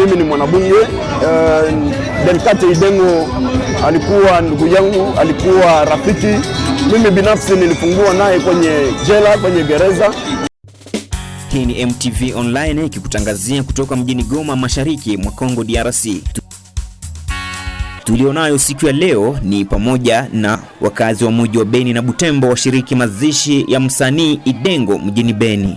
mimi ni mwanabunge uh, eh, Idengo alikuwa ndugu yangu, alikuwa rafiki. Mimi binafsi nilifungua naye kwenye jela, kwenye gereza. Hii ni MTV Online ikikutangazia kutoka mjini Goma, mashariki mwa Kongo DRC. Tulionayo siku ya leo ni pamoja na wakazi wa mji wa Beni na Butembo washiriki mazishi ya msanii Idengo mjini Beni.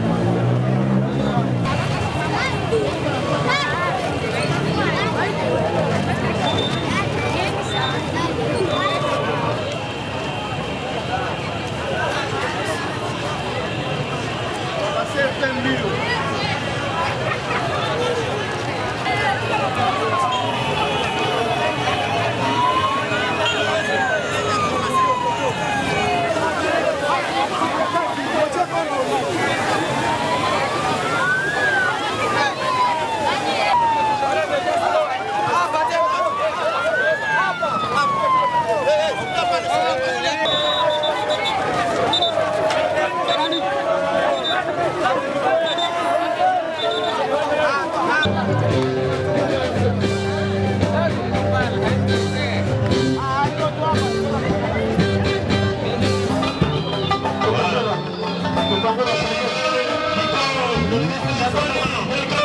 Thank you.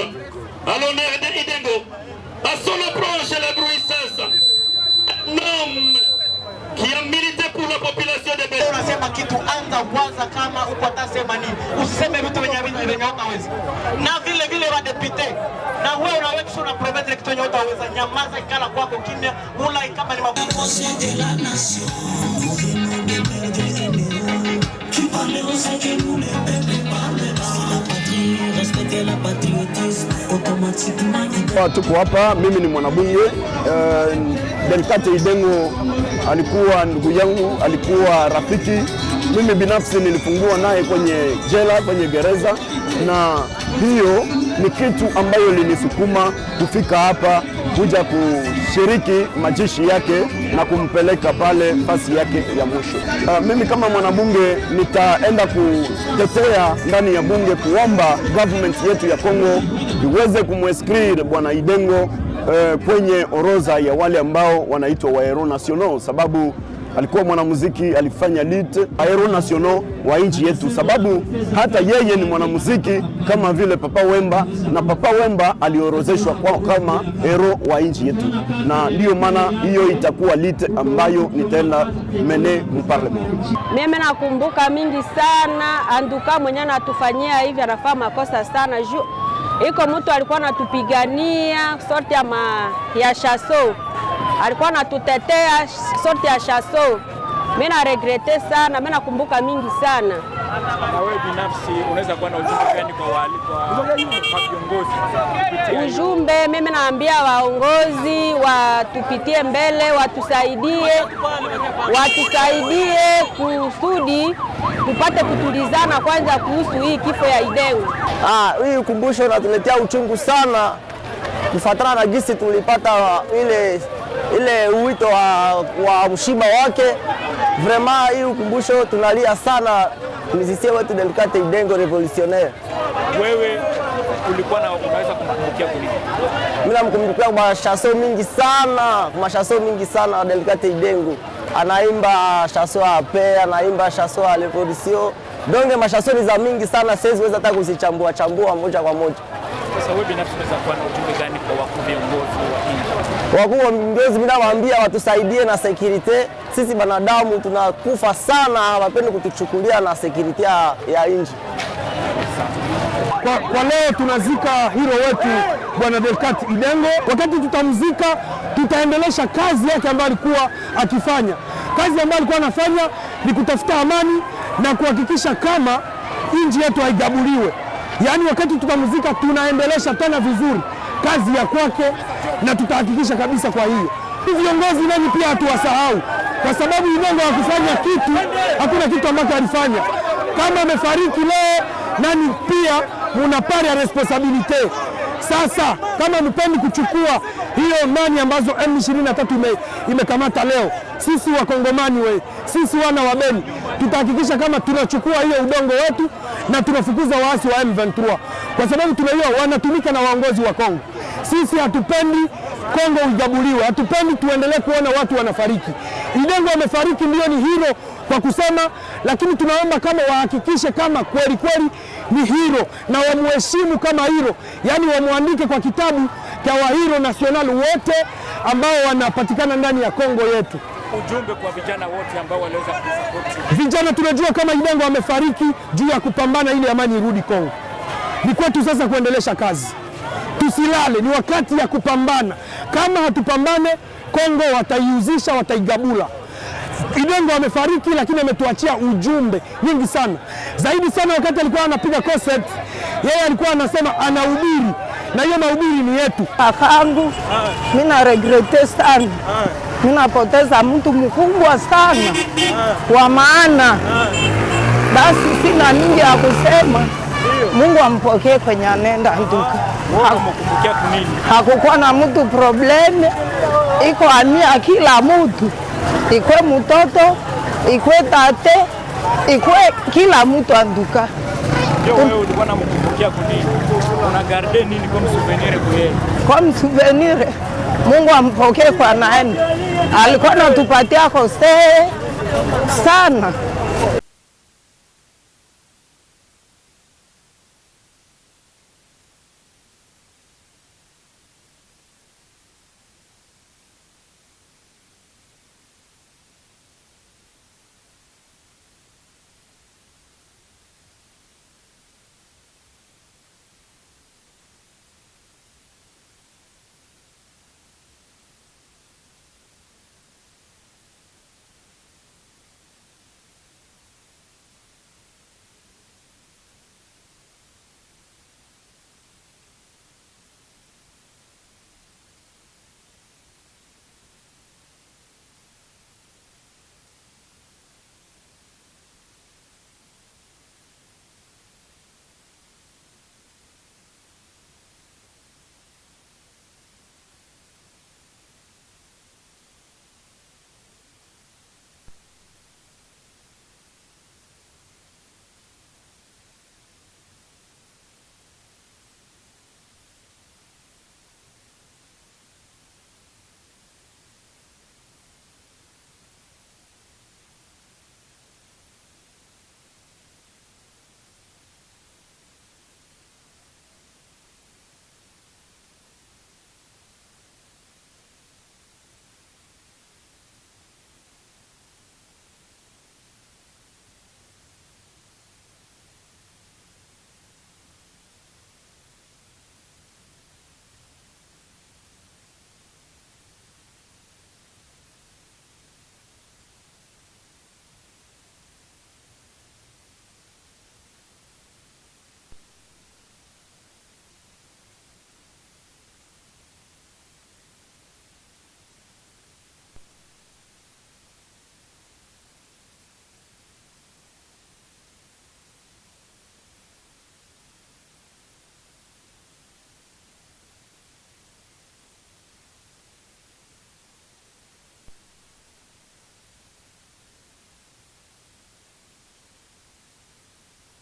sasa, à l'honneur de idengo. à son approche, la bruissance, nom qui a milité pour la population de Beni. Unasema kitu, anza kwanza, kama uko atasema nini, usiseme vitu Na vile vile wa depute na wewe una kitu nyamaza, ikala kwako kimya, ula kama ni Tuko hapa, mimi ni mwanabunge uh, eh, Delkate Idengo alikuwa ndugu yangu, alikuwa rafiki. Mimi binafsi nilifungua naye kwenye jela, kwenye gereza, na hiyo ni kitu ambayo linisukuma kufika hapa kuja kushiriki majishi yake na kumpeleka pale fasi yake ya mwisho. Uh, mimi kama mwanabunge nitaenda kutetea ndani ya bunge kuomba government yetu ya Kongo iweze kumweskrire bwana Idengo eh, kwenye orodha ya wale ambao wanaitwa waero national, sababu alikuwa mwanamuziki, alifanya lit Aero national wa nchi yetu, sababu hata yeye ni mwanamuziki kama vile Papa Wemba, na Papa Wemba aliorozeshwa kama hero wa nchi yetu, na ndiyo maana hiyo itakuwa lit ambayo nitaenda mene mparlement Mimi nakumbuka mingi sana anduka mwenye anatufanyia hivi, anafaa makosa sana juu iko mtu alikuwa anatupigania sorti ya, ma, ya shaso alikuwa anatutetea sorti ya shaso. Mimi na regrete sana, mimi nakumbuka mingi sana na wewe binafsi unaweza kuwa na ujumbe gani kwa wali kwa viongozi? Ujumbe mimi naambia waongozi watupitie mbele, watusaidie, watusaidie kusudi tupate kutulizana kwanza kuhusu hii kifo ya Ideu. Ah, hii ukumbusho inatuletea uchungu sana kufatana na gisi tulipata ile ile wito wa, wa mshiba wake. Vrema hii ukumbusho tunalia sana mzisie watu delikate idengo revolutionnaire. Wewe ulikuwa na unaweza kumkumbukia kuliko mimi, namkumbukia kwa mashaso mingi sana, kwa mashaso mingi sana delikate idengo anaimba shaso ape, anaimba shaso ya revolution donge, mashaso ni za mingi sana, siwezi weza hata kuzichambua chambua moja kwa moja. Sasa wewe binafsi unaweza kuwa na ujumbe gani kwa wakuu viongozi Wakuu wa mgezi, mimi nawaambia watusaidie na security. Sisi banadamu tunakufa sana, hawapendi kutuchukulia na security ya, ya Kwa, kwa leo tunazika hero wetu Bwana delkati Idengo. Wakati tutamzika, tutaendelesha kazi yake ambayo alikuwa akifanya. Kazi ambayo alikuwa anafanya ni kutafuta amani na kuhakikisha kama nchi yetu haigabuliwe. Yaani wakati tutamzika, tunaendelesha tena vizuri kazi ya kwake na tutahakikisha kabisa. Kwa hiyo viongozi nani pia hatuwasahau, kwa sababu Ibongo hakufanya kitu, hakuna kitu ambacho alifanya. Kama amefariki leo, nani pia muna ya responsibility. Sasa kama mpendi kuchukua hiyo mani ambazo M23 ime, imekamata leo, sisi wakongomani we, sisi wana wa Beni tutahakikisha kama tunachukua hiyo udongo wetu na tunafukuza waasi wa M23 kwa sababu tunajua wanatumika na waongozi wa Kongo. Sisi hatupendi Kongo ujabuliwe, hatupendi tuendelee kuona watu wanafariki. Idengo amefariki, ndio ni hero kwa kusema, lakini tunaomba kama wahakikishe kama kweli kweli ni hero na wamuheshimu kama hero, yaani wamwandike kwa kitabu cha wahiro national wote ambao wanapatikana ndani ya Kongo yetu. Ujumbe kwa vijana wote ambao waliweza kusupport vijana, tunajua kama Idengo amefariki juu ya kupambana ili amani irudi Kongo, ni kwetu sasa kuendelesha kazi tusilale, ni wakati ya kupambana. Kama hatupambane, Kongo wataiuzisha, wataigabula. Idengo amefariki, lakini ametuachia ujumbe nyingi sana, zaidi sana. Wakati alikuwa anapiga concert, yeye alikuwa anasema, anahubiri, na hiyo mahubiri ni yetu. Kakangu mimi na regrete sana, mimi napoteza mtu mkubwa sana kwa maana, basi sina mingi ya kusema. Mungu ampokee kwenye anenda nduka hakukuwa na mtu probleme, iko ania kila mtu, ikwe mtoto ikwe tate ikwe kila mtu anduka. Kwa msuvenire Mungu ampokee kwa naema, alikuwa natupatia kosee sana